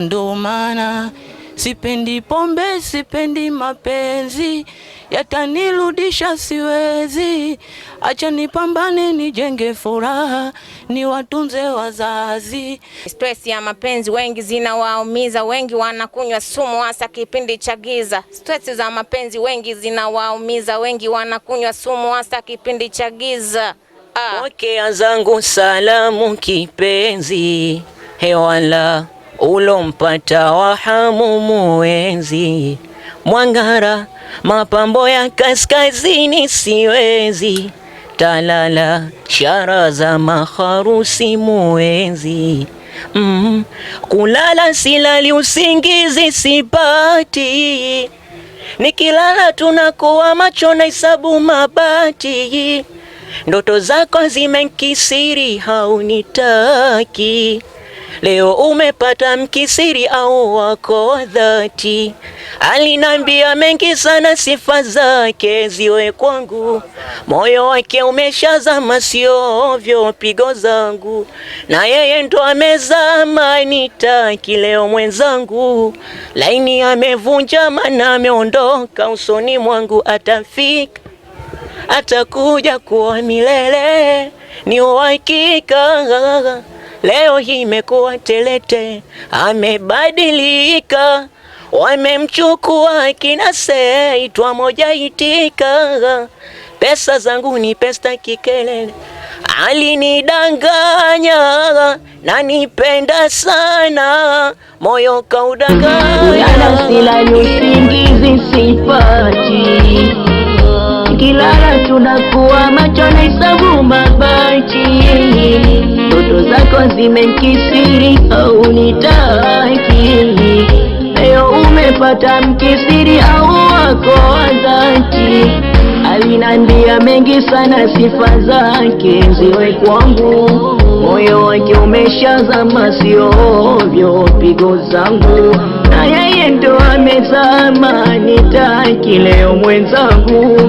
Ndo maana sipendi pombe, sipendi mapenzi, yatanirudisha siwezi. Acha nipambane, nijenge furaha, niwatunze wazazi. Stress ya mapenzi wengi zinawaumiza, wengi wanakunywa sumu, hasa kipindi cha giza. Stress za mapenzi wengi zinawaumiza, wengi wanakunywa sumu, hasa kipindi cha giza. Pokea ah. zangu salamu kipenzi, hewala ulompata wahamu muwezi Mwangara mapambo ya kaskazini siwezi talala shara za maharusi muwezi mm. kulala silali usingizi sipati nikilala tunakuwa macho na isabu mabati ndoto zako zimenkisiri haunitaki Leo umepata mkisiri au wako dhati? Alinambia mengi sana, sifa zake ziwe kwangu. Moyo wake umeshazama, sio ovyo pigo zangu, na yeye ndo amezama, nitaki leo mwenzangu. Laini amevunja mana, ameondoka usoni mwangu, atafika atakuja kuwa milele, ni uhakika leo hii imekuwa telete, amebadilika wamemchukua kina seitwa moja itika, pesa zangu ni pesa kikelele, alinidanganya nanipenda sana, moyo kaudanganya. Silali usingizi sipati, kilala tunakuwa macho na isabu mabati ndoa zimemkisiri au nitaki leo umepata mkisiri au wako wadhati alinambia mengi sana sifa zake ziwe kwangu moyo wake umeshazama siovyo pigo zangu na yeye ndo amezama nitaki leo mwenzangu